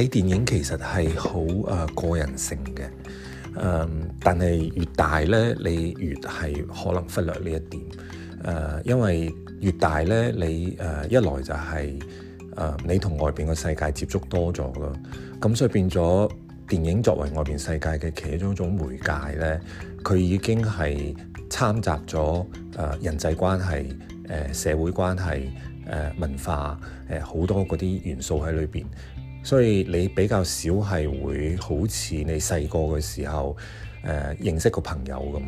睇電影其實係好誒個人性嘅，誒、嗯，但係越大咧，你越係可能忽略呢一點，誒、呃，因為越大咧，你誒、呃、一來就係、是、誒、呃、你同外邊嘅世界接觸多咗咯，咁所以變咗電影作為外邊世界嘅其中一種媒介咧，佢已經係摻雜咗誒人際關係、誒、呃、社會關係、誒、呃、文化誒好、呃、多嗰啲元素喺裏邊。所以你比較少係會好似你細個嘅時候，誒、呃、認識個朋友咁，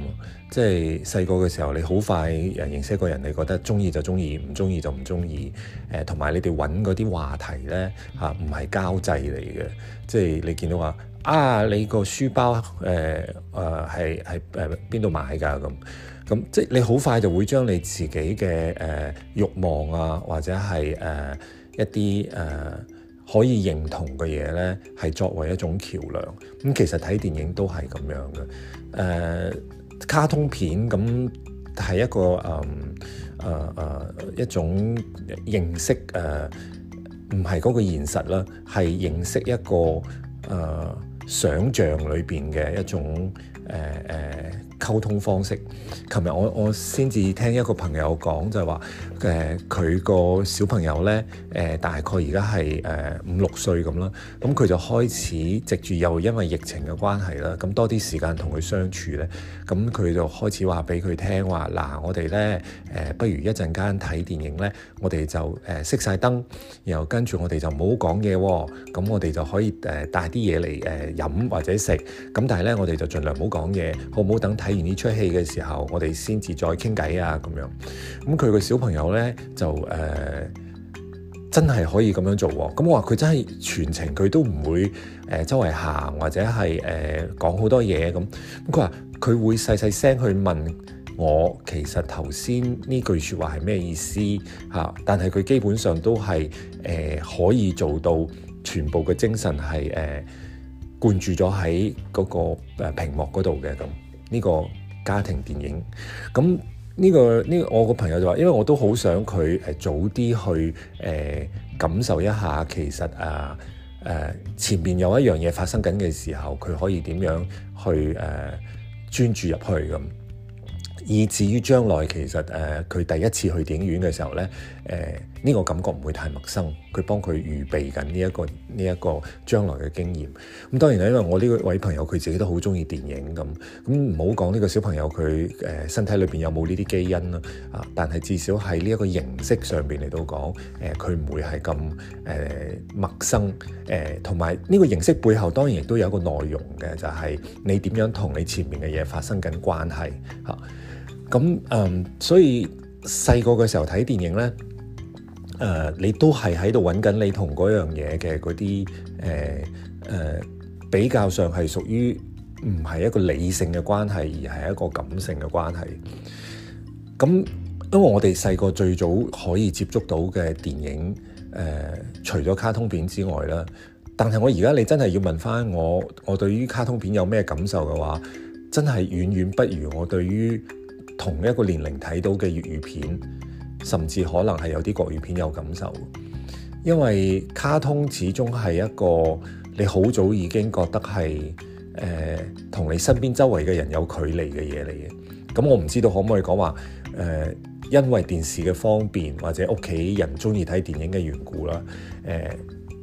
即係細個嘅時候，你好快人認識一個人，你覺得中意就中意，唔中意就唔中意。誒同埋你哋揾嗰啲話題咧吓，啊，唔係交際嚟嘅，即係你見到話啊，你個書包誒誒係喺誒邊度買㗎咁咁，即係你好快就會將你自己嘅誒、呃、慾望啊，或者係誒、呃、一啲誒。呃可以認同嘅嘢咧，係作為一種橋梁。咁其實睇電影都係咁樣嘅。誒、呃，卡通片咁係一個誒誒誒一種認識誒，唔係嗰個現實啦，係認識一個誒、呃、想像裏邊嘅一種誒誒。呃呃溝通方式。琴日我我先至聽一個朋友講，就係話誒佢個小朋友咧誒、呃、大概而家係誒五六歲咁啦，咁、嗯、佢就開始藉住又因為疫情嘅關係啦，咁多啲時間同佢相處咧，咁、嗯、佢就開始話俾佢聽話嗱、呃，我哋咧誒不如一陣間睇電影咧，我哋就誒熄晒燈，然後跟住我哋就唔好講嘢喎，咁、嗯、我哋就可以誒、呃、帶啲嘢嚟誒飲或者食，咁但係咧我哋就盡量唔好講嘢，好唔好等睇？演呢出戲嘅時候，我哋先至再傾偈啊，咁樣，咁佢個小朋友咧就誒、呃、真係可以咁樣做、哦。咁我話佢真係全程佢都唔會誒、呃、周圍行或者係誒、呃、講好多嘢咁。咁佢話佢會細細聲去問我，其實頭先呢句說話係咩意思吓、啊？但係佢基本上都係誒、呃、可以做到全部嘅精神係誒灌注咗喺嗰個誒屏幕嗰度嘅咁。呢個家庭電影，咁呢、這個呢、這個、我個朋友就話，因為我都好想佢誒早啲去誒、呃、感受一下，其實誒、啊、誒、呃、前面有一樣嘢發生緊嘅時候，佢可以點樣去誒專、呃、注入去咁。以至於將來，其實誒佢、呃、第一次去電影院嘅時候咧，誒、呃。呢個感覺唔會太陌生，佢幫佢預備緊呢一個呢一個將來嘅經驗。咁當然啦，因為我呢位朋友佢自己都好中意電影咁，咁，唔好講呢個小朋友佢誒身體裏邊有冇呢啲基因啦，啊，但係至少喺呢一個形式上邊嚟到講誒，佢唔會係咁誒陌生誒，同埋呢個形式背後當然亦都有一個內容嘅，就係你點樣同你前面嘅嘢發生緊關係嚇咁誒。所以細個嘅時候睇電影咧。誒，uh, 你都係喺度揾緊你同嗰樣嘢嘅嗰啲誒誒，比較上係屬於唔係一個理性嘅關係，而係一個感性嘅關係。咁因為我哋細個最早可以接觸到嘅電影誒、呃，除咗卡通片之外啦，但係我而家你真係要問返我，我對於卡通片有咩感受嘅話，真係遠遠不如我對於同一個年齡睇到嘅粵語片。甚至可能係有啲國語片有感受，因為卡通始終係一個你好早已經覺得係誒同你身邊周圍嘅人有距離嘅嘢嚟嘅。咁、嗯、我唔知道可唔可以講話誒，因為電視嘅方便或者屋企人鍾意睇電影嘅緣故啦，誒、呃、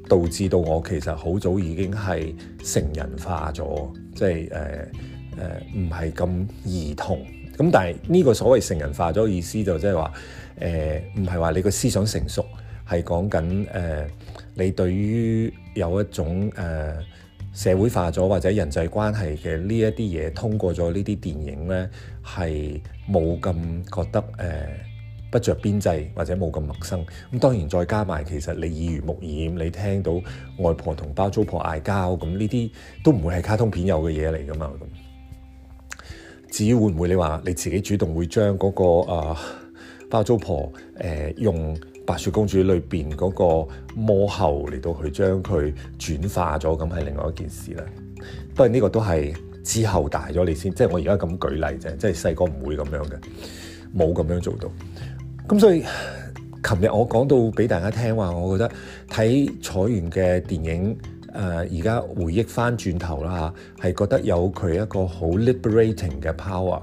導致到我其實好早已經係成人化咗，即係誒誒唔係咁兒童。咁但係呢個所謂成人化咗意思就即係話，誒唔係話你個思想成熟，係講緊誒你對於有一種誒、呃、社會化咗或者人際關係嘅呢一啲嘢，通過咗呢啲電影咧，係冇咁覺得誒、呃、不著邊際或者冇咁陌生。咁當然再加埋，其實你耳濡目染，你聽到外婆同包租婆嗌交，咁呢啲都唔會係卡通片有嘅嘢嚟㗎嘛。至於會唔會你話你自己主動會將嗰、嗰個包租、呃、婆誒、呃、用白雪公主裏邊嗰個魔后嚟到去將佢轉化咗，咁係另外一件事啦。不過呢個都係之後大咗你先，即係我而家咁舉例啫，即係細個唔會咁樣嘅，冇咁樣做到。咁所以琴日我講到俾大家聽話，我覺得睇楚原嘅電影。誒而家回憶翻轉頭啦，嚇，係覺得有佢一個好 liberating 嘅 power，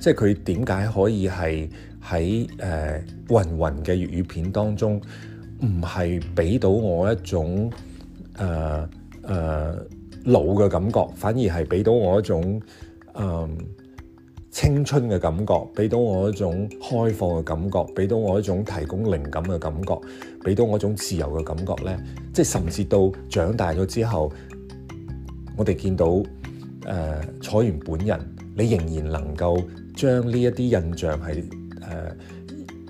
即係佢點解可以係喺誒芸芸嘅粵語片當中，唔係俾到我一種誒、誒、呃呃、老嘅感覺，反而係俾到我一種誒。呃青春嘅感覺，俾到我一種開放嘅感覺，俾到我一種提供靈感嘅感覺，俾到我一種自由嘅感覺呢。即係甚至到長大咗之後，我哋見到誒楚原本人，你仍然能夠將呢一啲印象係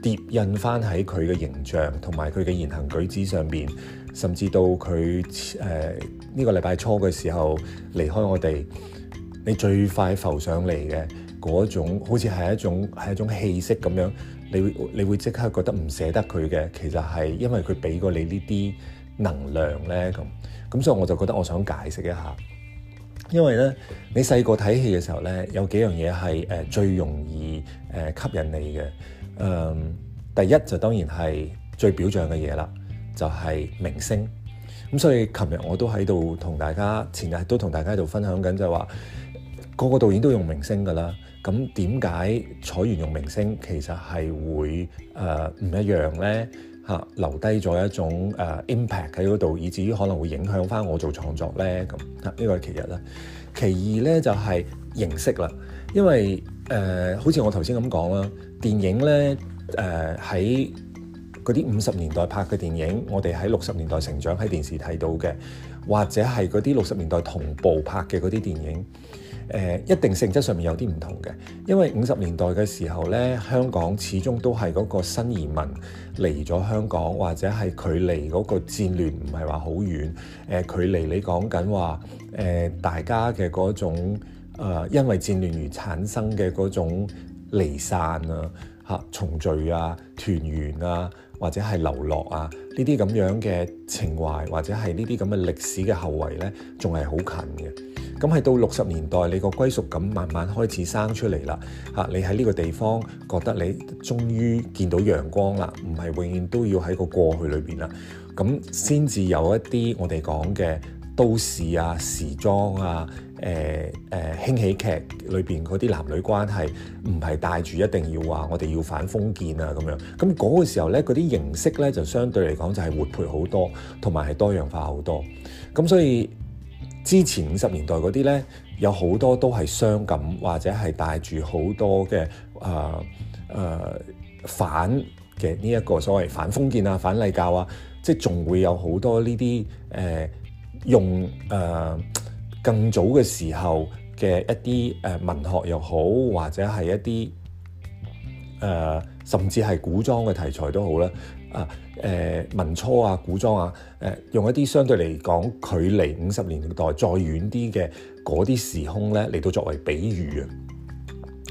誒疊印翻喺佢嘅形象同埋佢嘅言行舉止上邊，甚至到佢誒呢個禮拜初嘅時候離開我哋，你最快浮上嚟嘅。嗰種好似係一種係一種氣息咁樣，你會你會即刻覺得唔捨得佢嘅。其實係因為佢俾過你呢啲能量咧咁，咁所以我就覺得我想解釋一下，因為咧你細個睇戲嘅時候咧，有幾樣嘢係誒最容易誒、呃、吸引你嘅，誒、嗯、第一就當然係最表象嘅嘢啦，就係、是、明星。咁所以琴日我都喺度同大家，前日都同大家喺度分享緊就係話。個個導演都用明星㗎啦，咁點解楚原用明星其實係會誒唔、呃、一樣咧？嚇、啊，留低咗一種誒、呃、impact 喺嗰度，以至於可能會影響翻我做創作咧。咁啊，呢個係其一啦。其二咧就係、是、形式啦，因為誒、呃、好似我頭先咁講啦，電影咧誒喺嗰啲五十年代拍嘅電影，我哋喺六十年代成長喺電視睇到嘅，或者係嗰啲六十年代同步拍嘅嗰啲電影。誒、呃、一定性質上面有啲唔同嘅，因為五十年代嘅時候咧，香港始終都係嗰個新移民嚟咗香港，或者係距離嗰個戰亂唔係話好遠，誒、呃、距離你講緊話誒大家嘅嗰種、呃、因為戰亂而產生嘅嗰種離散啊嚇、啊、重聚啊團圓啊或者係流落啊呢啲咁樣嘅情懷或者係呢啲咁嘅歷史嘅後遺咧，仲係好近嘅。咁係到六十年代，你個歸屬感慢慢開始生出嚟啦。嚇，你喺呢個地方覺得你終於見到陽光啦，唔係永遠都要喺個過去裏面啦。咁先至有一啲我哋講嘅都市啊、時裝啊、誒誒輕喜劇裏面嗰啲男女關係，唔係帶住一定要話我哋要反封建啊咁樣。咁嗰個時候呢，嗰啲形式呢，就相對嚟講就係活潑好多，同埋係多樣化好多。咁所以。之前五十年代嗰啲咧，有好多都係傷感，或者係帶住好多嘅誒誒反嘅呢一個所謂反封建啊、反禮教啊，即係仲會有好多呢啲誒用誒、呃、更早嘅時候嘅一啲誒文學又好，或者係一啲誒、呃、甚至係古裝嘅題材都好啦。啊誒、呃、民初啊，古裝啊誒、啊、用一啲相對嚟講距離五十年代再遠啲嘅嗰啲時空咧嚟到作為比喻啊，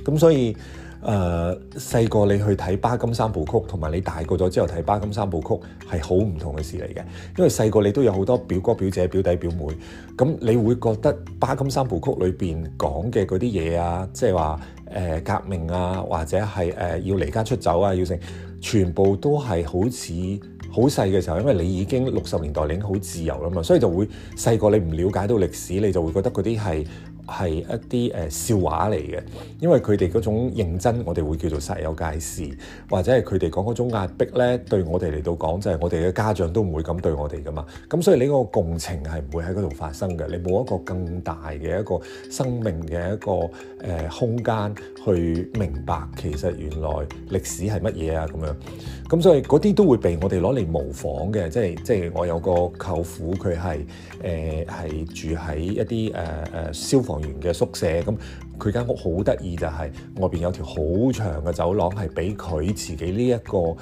咁所以。誒細個你去睇巴金三部曲，同埋你大個咗之後睇巴金三部曲係好唔同嘅事嚟嘅。因為細個你都有好多表哥、表姐、表弟、表妹，咁你會覺得巴金三部曲裏面講嘅嗰啲嘢啊，即係話革命啊，或者係、呃、要離家出走啊，要成，全部都係好似好細嘅時候，因為你已經六十年代你已經好自由啦嘛，所以就會細個你唔了解到歷史，你就會覺得嗰啲係。係一啲誒笑話嚟嘅，因為佢哋嗰種認真，我哋會叫做煞有介事，或者係佢哋講嗰種壓迫咧，對我哋嚟到講就係、是、我哋嘅家長都唔會咁對我哋噶嘛，咁所以你個共情係唔會喺度發生嘅你冇一個更大嘅一個生命嘅一個誒空間去明白其實原來歷史係乜嘢啊，咁樣，咁所以啲都會被我哋攞嚟模仿嘅，即係即係我有個舅父佢係誒係住喺一啲誒誒消防。員嘅宿舍咁，佢間屋好得意就係外邊有條好長嘅走廊，係俾佢自己呢一個誒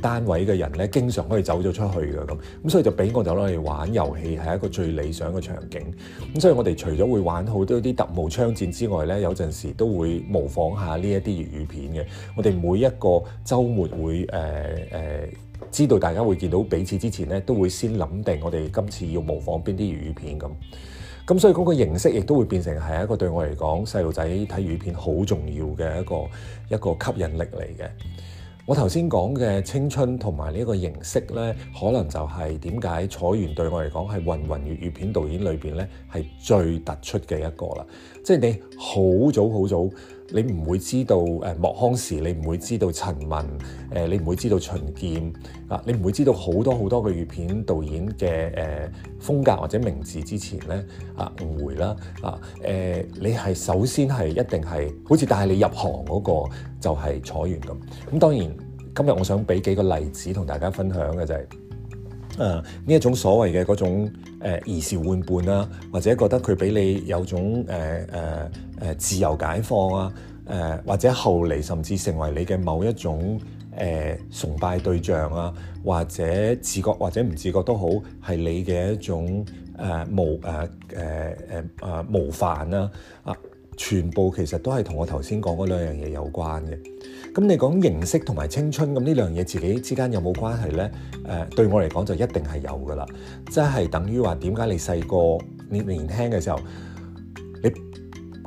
單位嘅人咧，經常可以走咗出去噶咁，咁所以就俾我走攞嚟玩遊戲，係一個最理想嘅場景。咁所以我哋除咗會玩好多啲特務槍戰之外咧，有陣時候都會模仿下呢一啲粵語片嘅。我哋每一個周末會誒誒、呃呃，知道大家會見到彼此之前咧，都會先諗定我哋今次要模仿邊啲粵語片咁。咁所以嗰個形式亦都會變成係一個對我嚟講，細路仔睇粵語片好重要嘅一個一個吸引力嚟嘅。我頭先講嘅青春同埋呢個形式咧，可能就係點解楚原對我嚟講，係雲雲粵語片導演裏邊咧係最突出嘅一個啦。即係你好早好早。你唔會知道誒莫康時，你唔會知道陳文，誒你唔會知道秦劍啊，你唔會知道好多好多嘅粵片導演嘅誒風格或者名字之前咧啊誤會啦啊誒，你係首先係一定係好似帶你入行嗰個就係楚原咁。咁當然今日我想俾幾個例子同大家分享嘅就係、是。誒呢一種所謂嘅嗰種誒兒時玩伴啦、啊，或者覺得佢俾你有種誒誒誒自由解放啊，誒、呃、或者後嚟甚至成為你嘅某一種誒、呃、崇拜對象啊，或者自覺或者唔自覺都好，係你嘅一種誒、呃呃呃呃、模誒誒誒誒模範啦啊，全部其實都係同我頭先講嗰兩樣嘢有關嘅。咁你講形式同埋青春，咁呢兩嘢自己之間有冇關係呢、呃？對我嚟講就一定係有㗎喇，即係等於話點解你細個你年輕嘅時候，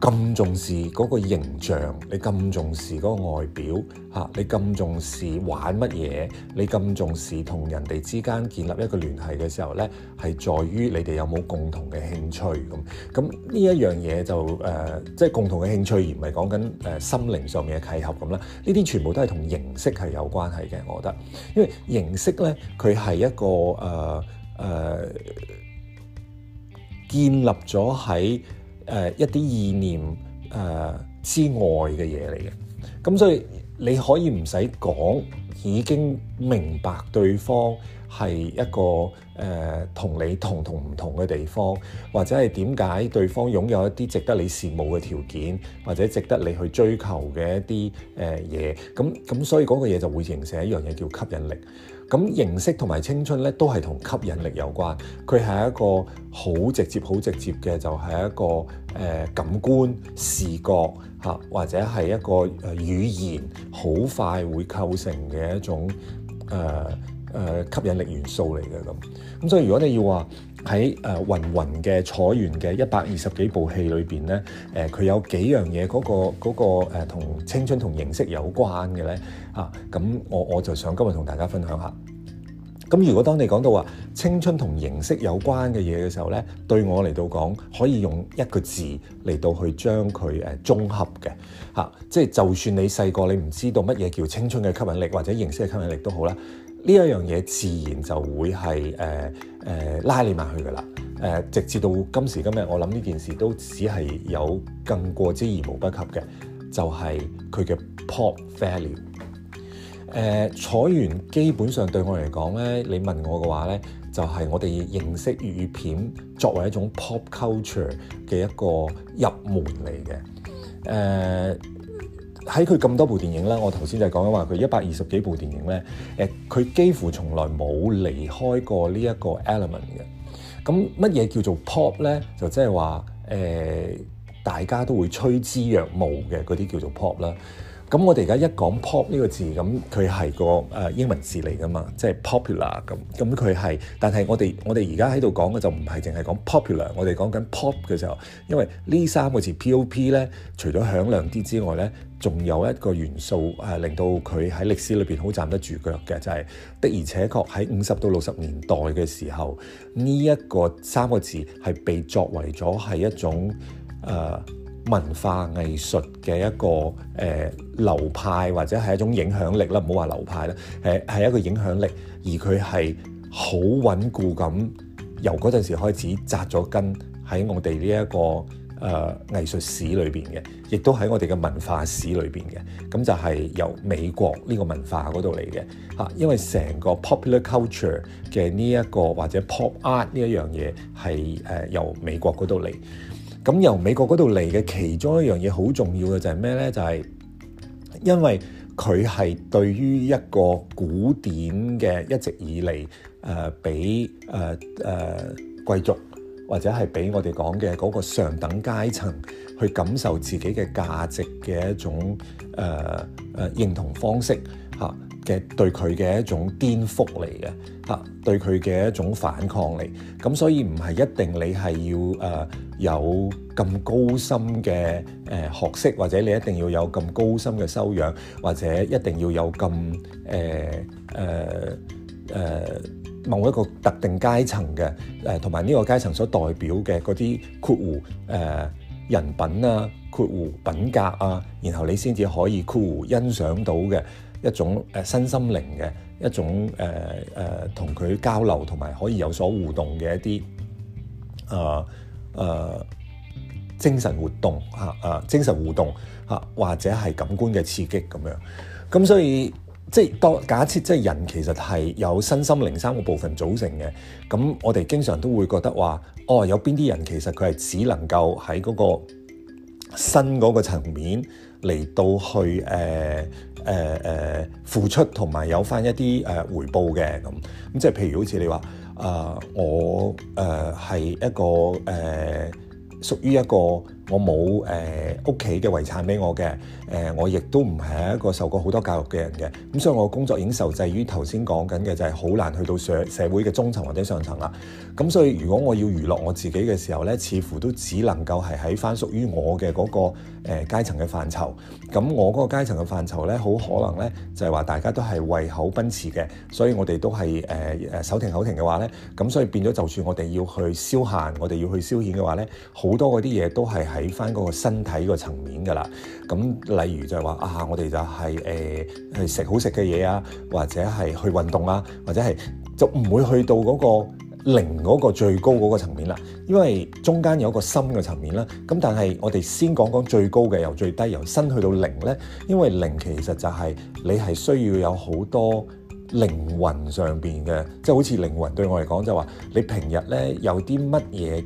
咁重視嗰個形象，你咁重視嗰個外表吓，你咁重視玩乜嘢，你咁重視同人哋之間建立一個聯繫嘅時候呢，係在於你哋有冇共同嘅興趣咁。咁呢一樣嘢就即係、呃就是、共同嘅興趣，而唔係講緊誒心靈上面嘅契合咁啦。呢啲全部都係同形式係有關係嘅，我覺得，因為形式呢，佢係一個誒、呃呃、建立咗喺，呃、一啲意念、呃、之外嘅嘢嚟嘅，咁所以你可以唔使講已經明白對方係一個同、呃、你同同唔同嘅地方，或者係點解對方擁有一啲值得你羨慕嘅條件，或者值得你去追求嘅一啲誒嘢，咁、呃、咁所以嗰個嘢就會形成一樣嘢叫吸引力。咁形式同埋青春咧，都係同吸引力有關。佢係一個好直接、好直接嘅，就係、是、一個誒、呃、感官視覺嚇，或者係一個誒語言，好快會構成嘅一種誒誒、呃呃、吸引力元素嚟嘅咁。咁所以如果你要話，喺誒雲雲嘅楚原嘅一百二十幾部戲裏邊咧，誒佢有幾樣嘢嗰、嗰個嗰同、誒、青春同形式有關嘅咧啊！咁我我就想今日同大家分享一下。咁如果當你講到話青春同形式有關嘅嘢嘅時候咧，對我嚟到講可以用一個字嚟到去將佢誒綜合嘅嚇，即、啊、係、就係、就算你細個你唔知道乜嘢叫青春嘅吸引力或者形式嘅吸引力都好啦。呢一樣嘢自然就會係誒誒拉你埋去噶啦，誒、呃、直至到今時今日，我諗呢件事都只係有更過之而無不及嘅，就係佢嘅 pop value。誒、呃，楚原基本上對我嚟講咧，你問我嘅話咧，就係、是、我哋認識粵語片作為一種 pop culture 嘅一個入門嚟嘅，誒、呃。喺佢咁多部電影咧，我頭先就講緊話佢一百二十幾部電影咧，誒、佢幾乎從來冇離開過呢一個 element 嘅。咁乜嘢叫做 pop 咧？就即係話誒，大家都會趨之若鶩嘅嗰啲叫做 pop 啦。咁我哋而家一講 pop 呢個字，咁佢係個誒、呃、英文字嚟噶嘛，即係 popular 咁。咁佢係，但係我哋我哋而家喺度講嘅就唔係淨係講 popular，我哋講緊 pop 嘅時候，因為呢三個字 P O P 咧，除咗響亮啲之外咧，仲有一個元素誒、呃，令到佢喺歷史裏邊好站得住腳嘅，就係、是、的而且確喺五十到六十年代嘅時候，呢一個三個字係被作為咗係一種誒、呃文化藝術嘅一個誒、呃、流派或者係一種影響力啦，唔好話流派啦，誒係一個影響力，而佢係好穩固咁，由嗰陣時開始扎咗根喺我哋呢一個誒、呃、藝術史裏邊嘅，亦都喺我哋嘅文化史裏邊嘅，咁就係由美國呢個文化嗰度嚟嘅嚇，因為成個 popular culture 嘅呢一個或者 pop art 呢一樣嘢係誒由美國嗰度嚟。咁由美國嗰度嚟嘅其中一樣嘢好重要嘅就係咩咧？就係、是、因為佢係對於一個古典嘅一直以嚟誒，俾誒誒貴族或者係俾我哋講嘅嗰個上等階層去感受自己嘅價值嘅一種誒誒、呃啊、認同方式嚇嘅、啊、對佢嘅一種顛覆嚟嘅嚇，對佢嘅一種反抗嚟。咁所以唔係一定你係要誒。啊有咁高深嘅誒學識，或者你一定要有咁高深嘅修養，或者一定要有咁誒誒誒某一個特定階層嘅誒，同埋呢個階層所代表嘅嗰啲括弧誒、呃、人品啊，括弧品格啊，然後你先至可以括弧欣賞到嘅一種誒身心靈嘅一種誒誒同佢交流，同埋可以有所互動嘅一啲啊。呃誒、呃、精神活動嚇誒、啊啊、精神互動嚇、啊，或者係感官嘅刺激咁樣。咁所以即係當假設即係人其實係有身心靈三個部分組成嘅。咁我哋經常都會覺得話：哦，有邊啲人其實佢係只能夠喺嗰個身嗰個層面嚟到去誒誒誒付出，同埋有翻一啲誒、呃、回報嘅咁。咁即係譬如好似你話。呃、uh, 我呃、uh, 係一個呃、uh, 屬於一個。我冇誒屋企嘅遺產俾我嘅，誒、呃、我亦都唔係一個受過好多教育嘅人嘅，咁所以我工作已經受制於頭先講緊嘅就係好難去到社社會嘅中層或者上層啦。咁所以如果我要娛樂我自己嘅時候呢，似乎都只能夠係喺翻屬於我嘅嗰、那個誒、呃、階層嘅範疇。咁我嗰個階層嘅範疇呢，好可能呢就係、是、話大家都係為口奔馳嘅，所以我哋都係誒誒手停口停嘅話呢。咁所以變咗就算我哋要去消閒，我哋要去消遣嘅話呢，好多嗰啲嘢都係喺俾翻嗰個身體個層面噶啦，咁例如就係話啊，我哋就係誒去食好食嘅嘢啊，或者係去運動啊，或者係就唔會去到嗰個靈嗰個最高嗰個層面啦，因為中間有一個心嘅層面啦。咁但係我哋先講講最高嘅，由最低由身去到靈咧，因為靈其實就係你係需要有好多。靈魂上面嘅，即係好似靈魂對我嚟講，就係話你平日咧有啲乜嘢嘅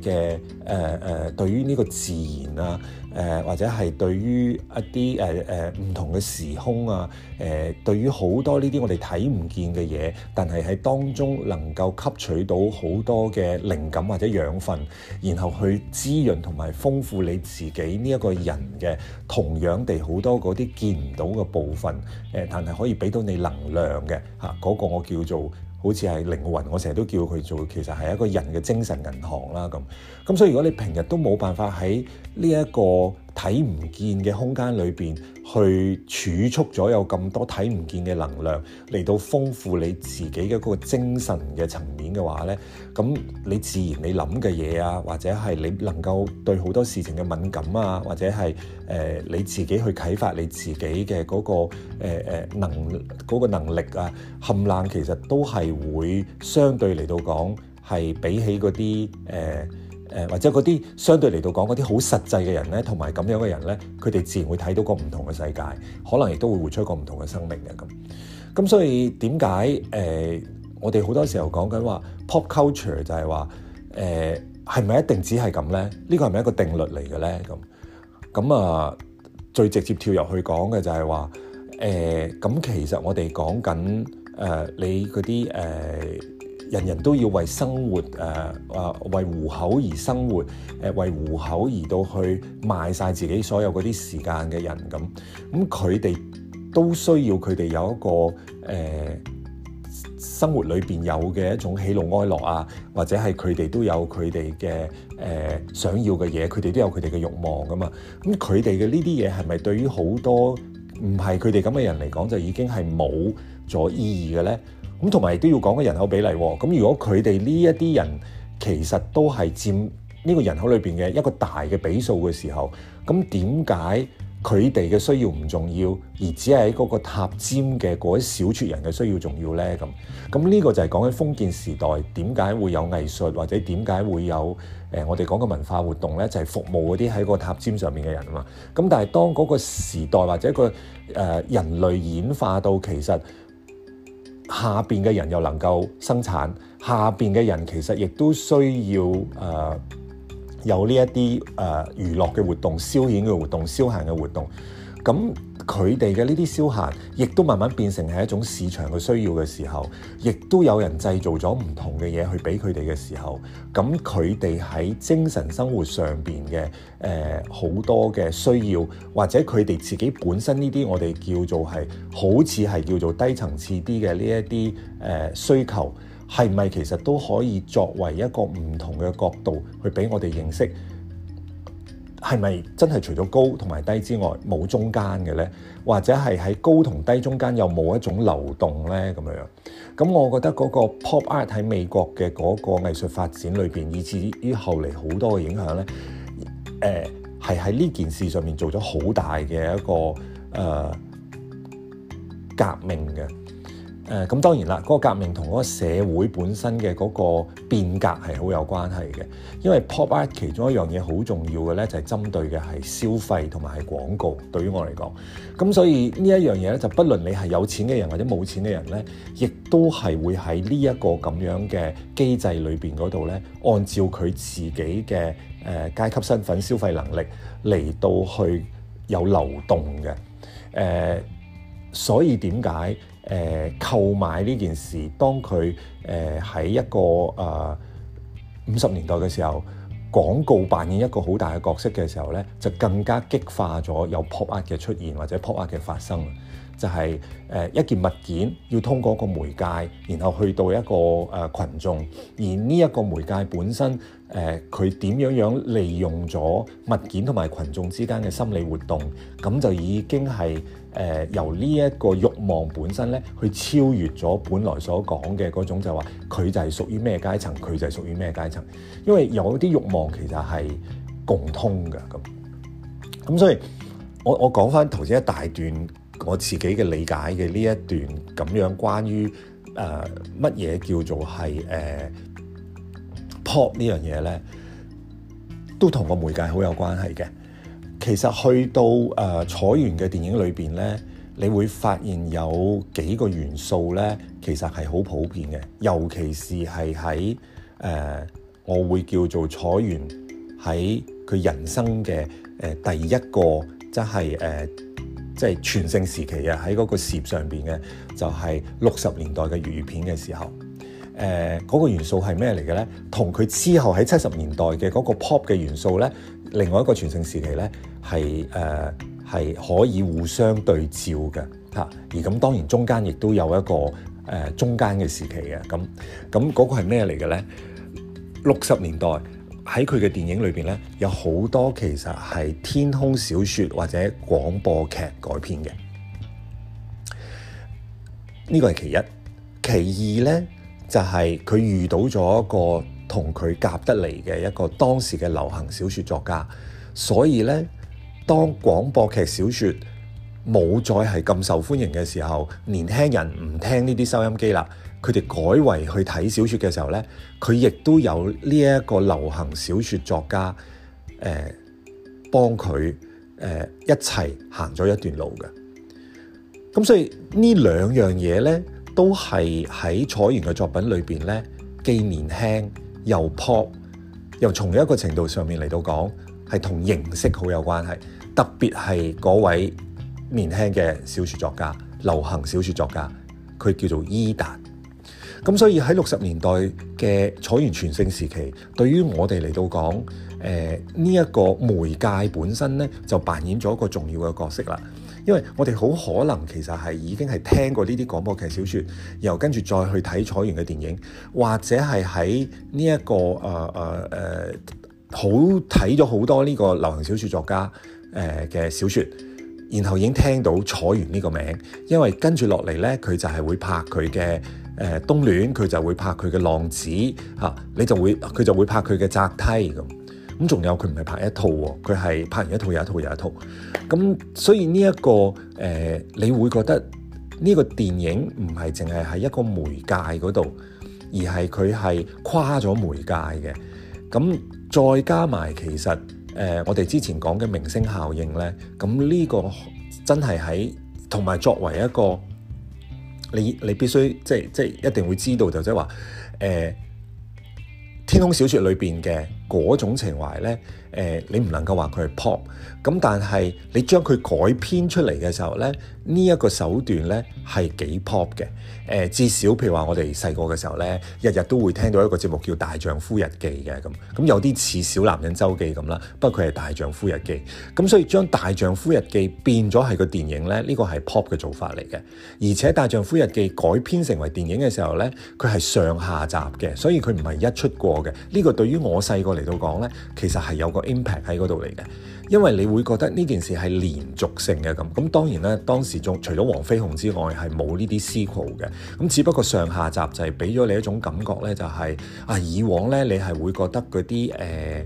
誒誒，對於呢個自然啊。誒或者係對於一啲誒誒唔同嘅時空啊，誒對於好多呢啲我哋睇唔見嘅嘢，但係喺當中能夠吸取到好多嘅靈感或者養分，然後去滋潤同埋豐富你自己呢一個人嘅同樣地好多嗰啲見唔到嘅部分，誒但係可以俾到你能量嘅嚇嗰個我叫做好似係靈魂，我成日都叫佢做其實係一個人嘅精神銀行啦咁。咁所以，如果你平日都冇辦法喺呢一個睇唔見嘅空間裏邊去儲蓄咗有咁多睇唔見嘅能量嚟到豐富你自己嘅嗰個精神嘅層面嘅話咧，咁你自然你諗嘅嘢啊，或者係你能夠對好多事情嘅敏感啊，或者係誒、呃、你自己去啟發你自己嘅嗰個誒誒、呃、能嗰個能力啊，冚冷其實都係會相對嚟到講，係比起嗰啲誒。呃誒或者嗰啲相對嚟到講嗰啲好實際嘅人咧，同埋咁樣嘅人咧，佢哋自然會睇到個唔同嘅世界，可能亦都會活出一個唔同嘅生命嘅咁。咁所以點解誒我哋好多時候講緊話 pop culture 就係話誒係咪一定只係咁咧？呢個係咪一個定律嚟嘅咧？咁咁啊最直接跳入去講嘅就係話誒咁其實我哋講緊誒你嗰啲誒。呃人人都要為生活誒誒、呃、為糊口而生活，誒為糊口而到去賣晒自己所有嗰啲時間嘅人咁，咁佢哋都需要佢哋有一個誒、呃、生活裏邊有嘅一種喜怒哀樂啊，或者係佢哋都有佢哋嘅誒想要嘅嘢，佢哋都有佢哋嘅慾望㗎嘛。咁佢哋嘅呢啲嘢係咪對於好多唔係佢哋咁嘅人嚟講就已經係冇咗意義嘅咧？咁同埋都要講個人口比例喎，咁如果佢哋呢一啲人其實都係佔呢個人口裏面嘅一個大嘅比數嘅時候，咁點解佢哋嘅需要唔重要，而只係嗰個塔尖嘅嗰一小撮人嘅需要重要咧？咁咁呢個就係講緊封建時代點解會有藝術或者點解會有誒我哋講嘅文化活動咧，就係、是、服務嗰啲喺個塔尖上面嘅人啊嘛。咁但係當嗰個時代或者個誒人類演化到其實下邊嘅人又能夠生產，下邊嘅人其實亦都需要誒、呃、有呢一啲誒娛樂嘅活動、消遣嘅活動、消閒嘅活動，咁。佢哋嘅呢啲消閒亦都慢慢變成係一種市場嘅需要嘅時候，亦都有人製造咗唔同嘅嘢去俾佢哋嘅時候，咁佢哋喺精神生活上邊嘅誒好多嘅需要，或者佢哋自己本身呢啲我哋叫做係好似係叫做低層次啲嘅呢一啲誒、呃、需求，係咪其實都可以作為一個唔同嘅角度去俾我哋認識？係咪真係除咗高同埋低之外冇中間嘅咧？或者係喺高同低中間有冇一種流動咧？咁樣樣，咁我覺得嗰個 pop art 喺美國嘅嗰個藝術發展裏邊，以至於後嚟好多嘅影響咧，誒係喺呢件事上面做咗好大嘅一個誒、呃、革命嘅。誒咁、嗯、當然啦，嗰、那個革命同嗰個社會本身嘅嗰個變革係好有關係嘅，因為 Pop Art 其中一樣嘢好重要嘅咧，就係、是、針對嘅係消費同埋係廣告。對於我嚟講，咁所以呢一樣嘢咧，就不論你係有錢嘅人或者冇錢嘅人咧，亦都係會喺呢一個咁樣嘅機制裏邊嗰度咧，按照佢自己嘅誒、呃、階級身份消費能力嚟到去有流動嘅誒、呃，所以點解？誒、呃、購買呢件事，當佢喺、呃、一個五十、呃、年代嘅時候，廣告扮演一個好大嘅角色嘅時候咧，就更加激化咗有 pop art 嘅出現或者 pop art 嘅發生，就係、是呃、一件物件要通過個媒介，然後去到一個、呃、群眾，而呢一個媒介本身佢點樣樣利用咗物件同埋群眾之間嘅心理活動，咁就已經係。誒、呃、由呢一個慾望本身咧，去超越咗本來所講嘅嗰種就話，佢就係屬於咩階層，佢就係屬於咩階層。因為有啲慾望其實係共通嘅。咁，咁所以我我講翻頭先一大段我自己嘅理解嘅呢一段咁樣，關於誒乜嘢叫做係誒、呃、pop 這件事呢樣嘢咧，都同個媒介好有關係嘅。其實去到誒楚原嘅電影裏邊咧，你會發現有幾個元素咧，其實係好普遍嘅，尤其是係喺誒，我會叫做楚原喺佢人生嘅誒、呃、第一個，即係誒，即、呃、係全盛時期啊，喺嗰個時上邊嘅，就係六十年代嘅粵語片嘅時候。誒嗰、呃那個元素係咩嚟嘅呢？同佢之後喺七十年代嘅嗰個 pop 嘅元素呢，另外一個全盛時期呢，係誒係可以互相對照嘅嚇、啊。而咁當然中間亦都有一個誒、呃、中間嘅時期嘅咁，咁嗰個係咩嚟嘅呢？六十年代喺佢嘅電影裏邊呢，有好多其實係天空小説或者廣播劇改編嘅，呢個係其一，其二呢？就係佢遇到咗一個同佢夾得嚟嘅一個當時嘅流行小説作家，所以呢，當廣播劇小説冇再係咁受歡迎嘅時候，年輕人唔聽呢啲收音機啦，佢哋改為去睇小説嘅時候呢，佢亦都有呢一個流行小説作家，誒幫佢誒一齊行咗一段路嘅。咁所以呢兩樣嘢呢。都係喺楚原嘅作品裏邊咧，既年輕又 pop，又從一個程度上面嚟到講，係同形式好有關係。特別係嗰位年輕嘅小説作家，流行小説作家，佢叫做伊達。咁所以喺六十年代嘅楚原全盛時期，對於我哋嚟到講，誒呢一個媒介本身咧，就扮演咗一個重要嘅角色啦。因為我哋好可能其實係已經係聽過呢啲廣播劇小説，然後跟住再去睇楚原嘅電影，或者係喺呢一個誒誒誒，好睇咗好多呢個流行小説作家誒嘅、呃、小説，然後已經聽到楚原呢個名，因為跟住落嚟呢，佢就係會拍佢嘅誒《冬戀》，佢就會拍佢嘅《浪子》嚇、啊，你就會佢就會拍佢嘅《窄梯》咁。咁仲有佢唔係拍一套，佢係拍完一套又一套又一套。咁所以呢、這、一個誒、呃，你會覺得呢個電影唔係淨係喺一個媒介嗰度，而係佢係跨咗媒介嘅。咁再加埋其實誒、呃，我哋之前講嘅明星效應咧，咁呢個真係喺，同埋作為一個你你必須即係即係一定會知道就即係話誒，呃《天空小説》裏邊嘅。嗰種情懷呢、呃，你唔能夠話佢係 pop，咁但係你將佢改編出嚟嘅時候呢，呢一個手段呢係幾 pop 嘅、呃，至少譬如話我哋細個嘅時候呢，日日都會聽到一個節目叫《大丈夫日記》嘅咁，咁有啲似《小男人周記》咁啦，不過佢係《大丈夫日記》這個，咁所以將《大丈夫日記》變咗係個電影呢，呢個係 pop 嘅做法嚟嘅，而且《大丈夫日記》改編成為電影嘅時候呢，佢係上下集嘅，所以佢唔係一出過嘅，呢個對於我細個嚟到講呢，其實係有個 impact 喺嗰度嚟嘅，因為你會覺得呢件事係連續性嘅咁。咁當然咧，當時仲除咗黃飛鴻之外，係冇呢啲思 e 嘅。咁只不過上下集就係俾咗你一種感覺呢、就是，就係啊以往呢，你係會覺得嗰啲誒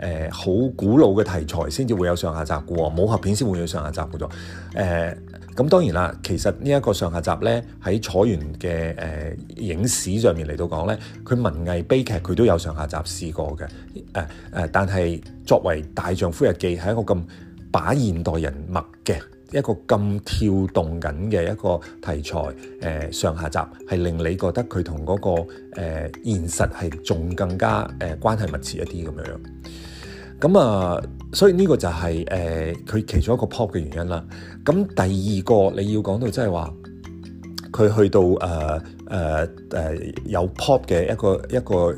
誒好古老嘅題材先至會有上下集嘅喎，武、哦、俠片先會有上下集嘅咗誒。呃咁當然啦，其實呢一個上下集咧，喺楚原嘅、呃、誒影史上面嚟到講咧，佢文藝悲劇佢都有上下集試過嘅，誒、呃、誒、呃，但係作為《大丈夫日記》係一個咁把現代人物嘅一個咁跳動緊嘅一個題材，誒、呃、上下集係令你覺得佢同嗰個誒、呃、現實係仲更加誒、呃、關係密切一啲咁樣。咁啊，所以呢個就係誒佢其中一個 pop 嘅原因啦。咁第二個你要講到，到，即係話佢去到誒誒誒有 pop 嘅一個一個誒，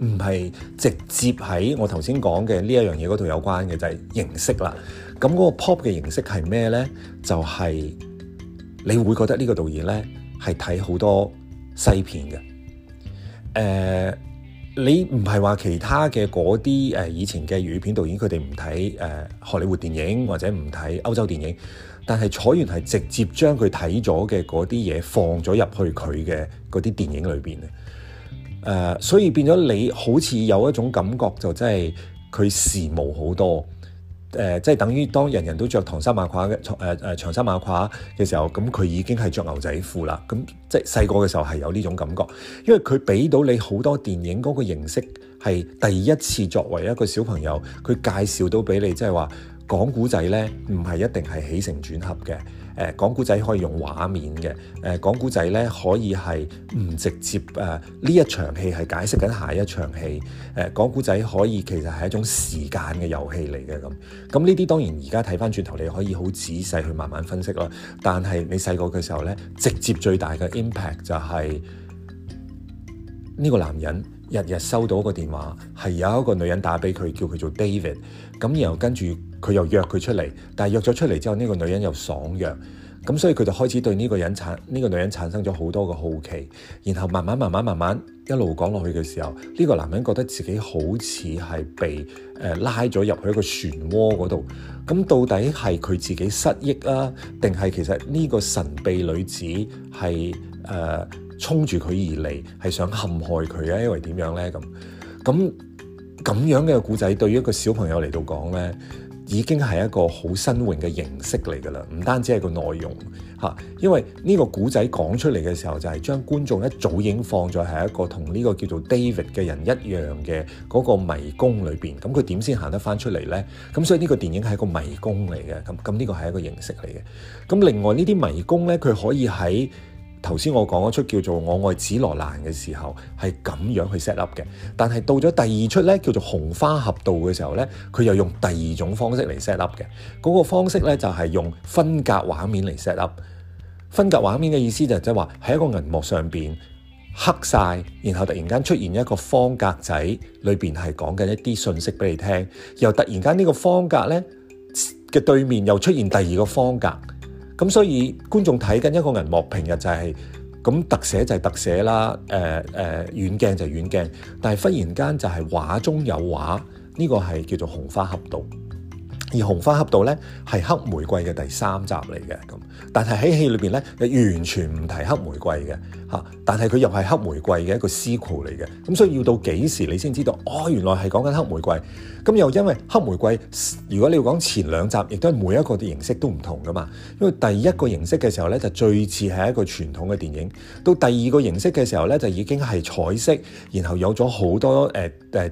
唔、呃、係直接喺我頭先講嘅呢一樣嘢嗰度有關嘅，就係、是、形式啦。咁嗰個 pop 嘅形式係咩咧？就係、是、你會覺得呢個導演咧係睇好多西片嘅。誒、呃，你唔係話其他嘅嗰啲誒以前嘅粵語片導演佢哋唔睇誒荷里活電影或者唔睇歐洲電影。但係，楚原係直接將佢睇咗嘅嗰啲嘢放咗入去佢嘅嗰啲電影裏邊啊！誒，所以變咗你好似有一種感覺，就真係佢時髦好多、呃。誒，即係等於當人人都着唐衫馬褂嘅誒誒長衫馬褂嘅時候，咁、呃、佢已經係着牛仔褲啦。咁即係細個嘅時候係有呢種感覺，因為佢俾到你好多電影嗰個形式，係第一次作為一個小朋友，佢介紹到俾你，即係話。講古仔呢，唔係一定係起承轉合嘅。誒、呃，講古仔可以用畫面嘅。誒、呃，講古仔呢，可以係唔直接誒，呢、呃、一場戲係解釋緊下一場戲。誒、呃，講古仔可以其實係一種時間嘅遊戲嚟嘅咁。咁呢啲當然而家睇返轉頭你可以好仔細去慢慢分析咯。但係你細個嘅時候呢，直接最大嘅 impact 就係呢個男人，日日收到一個電話，係有一個女人打俾佢，叫佢做 David。咁然後跟住佢又約佢出嚟，但係約咗出嚟之後，呢個女人又爽約。咁所以佢就開始對呢個人產呢個女人產生咗好多個好奇。然後慢慢慢慢慢慢一路講落去嘅時候，呢個男人覺得自己好似係被、呃、拉咗入去一個漩渦嗰度。咁到底係佢自己失憶啦，定係其實呢個神秘女子係呃？衝住佢而嚟，係想陷害佢啊！因為點樣呢？咁咁咁樣嘅古仔，對於一個小朋友嚟到講呢，已經係一個好新穎嘅形式嚟噶啦。唔單止係個內容吓，因為呢個古仔講出嚟嘅時候，就係將觀眾一早已經放在係一個同呢個叫做 David 嘅人一樣嘅嗰個迷宮裏邊。咁佢點先行得返出嚟呢？咁所以呢個電影係一個迷宮嚟嘅。咁咁呢個係一個形式嚟嘅。咁另外呢啲迷宮呢，佢可以喺頭先我講嗰出叫做《我愛紫羅蘭》嘅時候，係咁樣去 set up 嘅。但係到咗第二出咧，叫做《紅花俠盜》嘅時候咧，佢又用第二種方式嚟 set up 嘅。嗰、那個方式咧就係、是、用分格畫面嚟 set up。分格畫面嘅意思就即係話，喺一個銀幕上邊黑晒，然後突然間出現一個方格仔，裏面係講緊一啲信息俾你聽。又突然間呢個方格咧嘅對面又出現第二個方格。咁所以觀眾睇緊一個銀幕平日就係、是、咁特寫就係特寫啦，誒誒遠鏡就遠鏡，但係忽然間就係畫中有畫，呢、這個係叫做《紅花俠盜》而。而《紅花俠盜》咧係《黑玫瑰》嘅第三集嚟嘅，咁但係喺戲裏邊咧，係完全唔提《黑玫瑰的》嘅。啊、但係佢又係黑玫瑰嘅一個 sequel 嚟嘅，咁所以要到幾時你先知道？哦，原來係講緊黑玫瑰。咁又因為黑玫瑰，如果你要講前兩集，亦都係每一個形式都唔同噶嘛。因為第一個形式嘅時候咧，就最似係一個傳統嘅電影；到第二個形式嘅時候咧，就已經係彩色，然後有咗好多誒誒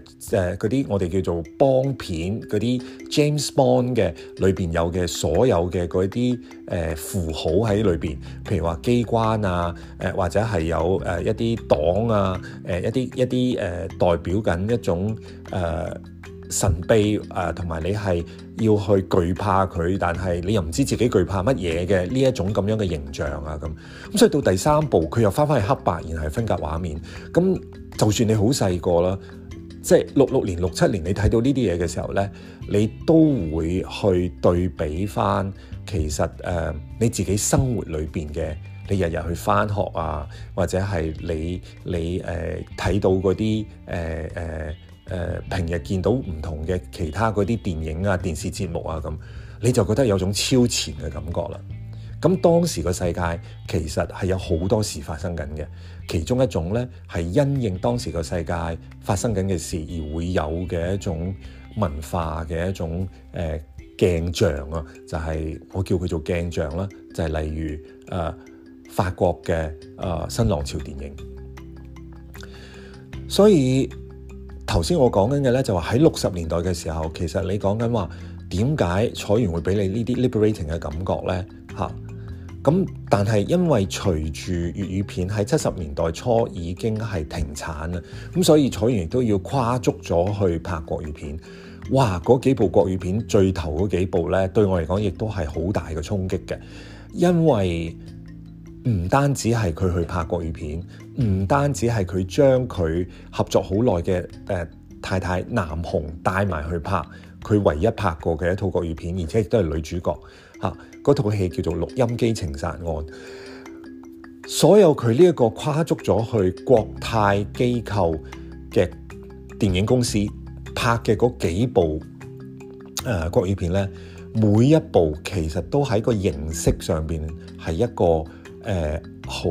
誒啲我哋叫做邦片嗰啲 James Bond 嘅裏邊有嘅所有嘅嗰啲誒符號喺裏邊，譬如話機關啊，誒、呃、或者。係有誒一啲黨啊，誒一啲一啲誒、呃、代表緊一種誒、呃、神秘啊，同、呃、埋你係要去懼怕佢，但係你又唔知自己懼怕乜嘢嘅呢一種咁樣嘅形象啊，咁咁所以到第三部，佢又翻翻去黑白，然後分隔畫面，咁就算你好細個啦，即係六六年、六七年你睇到呢啲嘢嘅時候咧，你都會去對比翻其實誒、呃、你自己生活裏邊嘅。你日日去翻學啊，或者係你你誒睇到嗰啲誒誒平日見到唔同嘅其他嗰啲電影啊、電視節目啊咁，你就覺得有種超前嘅感覺啦。咁當時個世界其實係有好多事發生緊嘅，其中一種咧係因應當時個世界發生緊嘅事而會有嘅一種文化嘅一種誒鏡像啊，就係我叫佢做鏡像啦，就係例如誒，呃法國嘅誒、呃、新浪潮電影，所以頭先我講緊嘅咧，就話喺六十年代嘅時候，其實你講緊話點解楚原會俾你呢啲 liberating 嘅感覺咧？嚇咁，但係因為隨住粵語片喺七十年代初已經係停產啦，咁所以楚原都要跨足咗去拍國語片。哇！嗰幾部國語片最頭嗰幾部咧，對我嚟講亦都係好大嘅衝擊嘅，因為唔單止係佢去拍國語片，唔單止係佢將佢合作好耐嘅太太南紅帶埋去拍佢唯一拍過嘅一套國語片，而且亦都係女主角，嗰套戲叫做《錄音機情殺案》。所有佢呢一個跨足咗去國泰機構嘅電影公司拍嘅嗰幾部誒國語片呢，每一部其實都喺個形式上邊係一個，誒好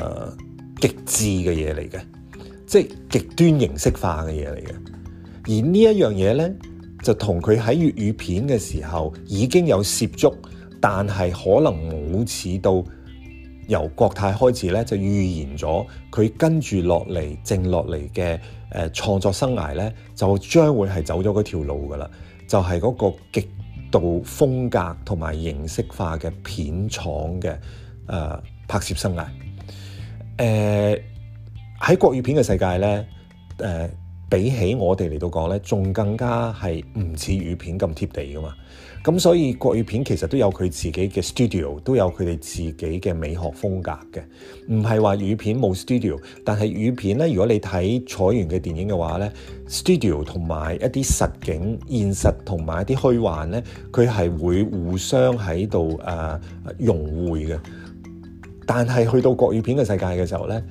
誒極致嘅嘢嚟嘅，即係極端形式化嘅嘢嚟嘅。而這事呢一樣嘢咧，就同佢喺粵語片嘅時候已經有涉足，但係可能冇似到由國泰開始咧就預言咗，佢跟住落嚟、靜落嚟嘅誒創作生涯咧，就將會係走咗嗰條路噶啦，就係、是、嗰個極。度風格同埋形式化嘅片廠嘅誒、呃、拍攝生涯，誒、呃、喺國語片嘅世界咧，誒、呃、比起我哋嚟到講咧，仲更加係唔似語片咁貼地㗎嘛。咁所以國語片其實都有佢自己嘅 studio，都有佢哋自己嘅美學風格嘅，唔係話語片冇 studio。但係語片咧，如果你睇楚原嘅電影嘅話咧，studio 同埋一啲實景、現實同埋一啲虛幻咧，佢係會互相喺度誒融匯嘅。但係去到國語片嘅世界嘅時候咧、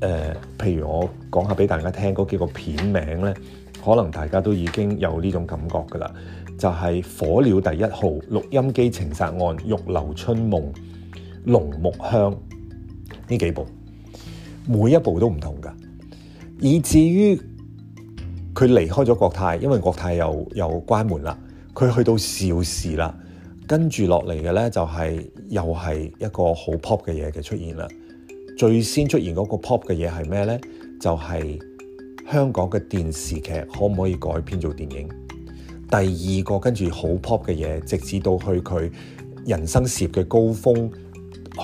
呃，譬如我講下俾大家聽嗰幾個片名咧，可能大家都已經有呢種感覺㗎啦。就係《火鳥第一號》、《錄音機情殺案》玉春夢、《玉樓春夢》、《龍木香》呢幾部，每一部都唔同㗎，以至於佢離開咗國泰，因為國泰又又關門啦，佢去到邵氏啦，跟住落嚟嘅呢，就係、是、又係一個好 pop 嘅嘢嘅出現啦。最先出現嗰個 pop 嘅嘢係咩呢？就係、是、香港嘅電視劇可唔可以改編做電影？第二個跟住好 pop 嘅嘢，直至到去佢人生事業嘅高峰，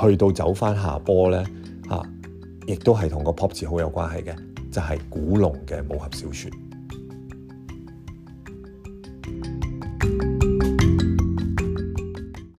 去到走返下坡呢、啊，亦都係同個 pop 字好有關係嘅，就係、是、古龍嘅武俠小說。